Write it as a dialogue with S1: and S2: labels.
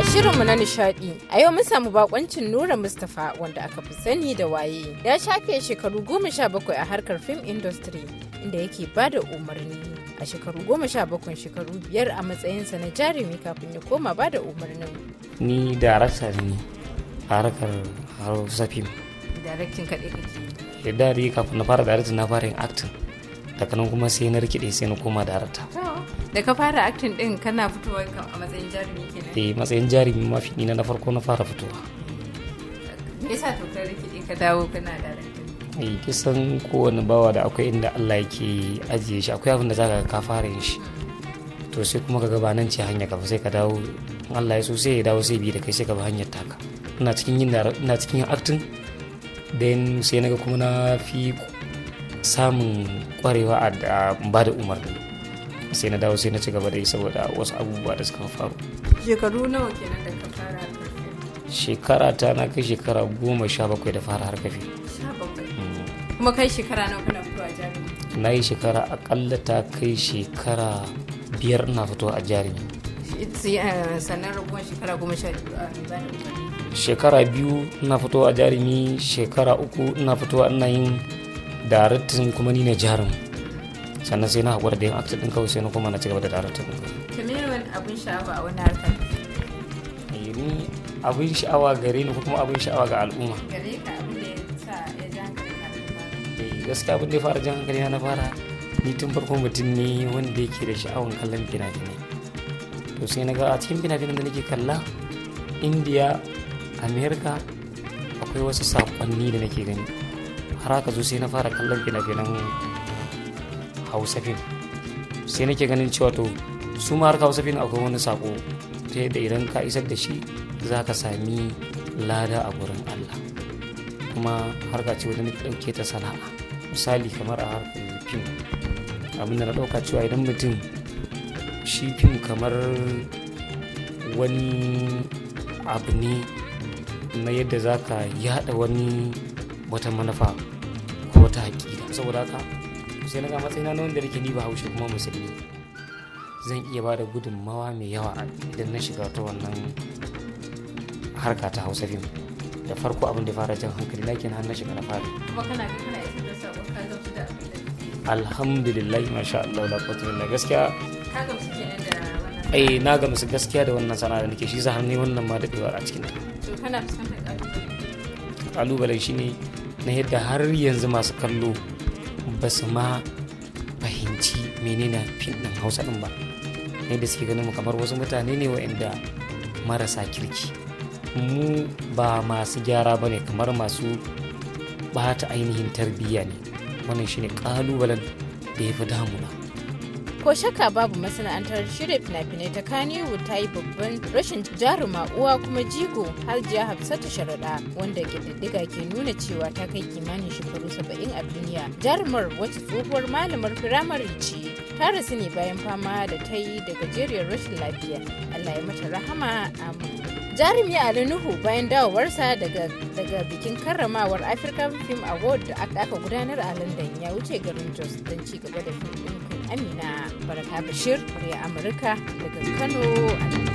S1: A shirinmu na nishadi, a yau mun samu bakoncin Nura Mustapha wanda aka fi sani da waye. Ya shafe shekaru goma sha bakwai a harkar film industry inda yake ba da umarni. A shekaru goma sha bakwai shekaru biyar a matsayinsa na jarumi kafin ya koma ba da umarnin.
S2: Ni darakta ne a harkar Hausa film.
S1: Daraktin kaɗai kake?
S2: Dari kafin na fara daraktin na fara yin acting. daga nan kuma sai na rikide sai na koma darata
S1: da ka fara acting din kana fitowa a matsayin jarumi kenan eh
S2: matsayin jarumi mafi nina na farko na fara fitowa
S1: me yasa to ka rikide ka dawo kana darata
S2: eh kisan kowane bawa da akwai inda Allah yake ajiye shi akwai abin da zaka ka fara yin shi to sai kuma ka ba nan ce hanya ka sai ka dawo Allah ya so sai ya dawo sai bi da kai sai ka ba hanyar taka ina cikin yin ina cikin acting then sai naga kuma na fi samun kwarewa a ba da umarni sai na dawo sai na ci gaba da yi saboda wasu abubuwa da suka faru
S1: shekaru nawa kenan da ka fara
S2: shekara ta na kai shekara goma sha bakwai da fara harkafi
S1: mm. kuma kai shekara na kuna fito a jarumi
S2: na yi shekara akalla ta kai shekara biyar na fito a jarumi
S1: eh, sannan rabuwan shekara goma sha biyu ah,
S2: shekara biyu na fito a jarumi shekara uku na fito ina yin daraktin kuma ni ne jarin sannan sai na haƙura da yin acting ɗin kawai sai na koma na cigaba da daraktin
S1: din kawai abin sha'awa a wani harkar
S2: eh, ni abin sha'awa gare ni ko kuma abin sha'awa ga al'umma
S1: gare ka abin da ya sa ya hankali
S2: eh, gaskiya abin da ya fara jan hankali na fara ni tun farko mutum ne wanda yake da sha'awan kallon fina-finai to sai na ga a cikin fina-finan da nake kalla indiya america akwai wasu saƙonni da nake gani har aka zo sai na fara kallon fina-finan hausa fim sai nake ganin cewa to su ma harka hausa fim akwai wani sako ta yadda idan ka isar da shi za ka sami lada a gurin allah kuma harka ce wani ɗauke ta sana'a misali kamar a harkar fim abin da na ɗauka cewa idan mutum shi fim kamar wani abu ne na yadda za ka yada wani wata manufa ko wata haƙiƙa saboda haka sai na ga matsayina na wanda nake ni ba haushe kuma musulmi zan iya ba da gudunmawa mai yawa idan na shiga ta wannan harka ta hausa fim da farko abin da fara jan hankali na kenan na shiga na fara
S1: kuma kana da gamsu da
S2: alhamdulillah masha Allah la quwwata illa gaskiya
S1: ka
S2: eh, na gamsu gaskiya da wannan sana'a da nake shi za har ne wannan ma dadewa a cikin ta
S1: to kana fuskantar
S2: kalubale shi shine na yadda har yanzu masu kallo ba su ma fahimci menene fim ɗin hausa ɗin ba na yadda suke ganin mu kamar wasu mutane ne wa'anda marasa kirki mu ba masu gyara ba ne kamar masu ɓata ainihin tarbiyya ne wannan ne ƙalubalen da ya fi damuna
S1: ko shakka babu masana'antar shirya fina-finai ta kaniwu ta yi babban rashin jaruma uwa kuma jigo har hajiya hafsatu sharaɗa wanda ƙididdiga ke nuna cewa ta kai kimanin shekaru saba'in a duniya jarumar wacce tsohuwar malamar firamare ce ta rasu ne bayan fama da ta yi da gajeriyar rashin lafiya allah ya mata rahama amma. jarumi ali nuhu bayan dawowarsa daga daga bikin karramawar african film award da aka gudanar a london ya wuce garin jos don ci gaba da fim ɗin Amina Baraka Bashir, murya Amurka daga Kano a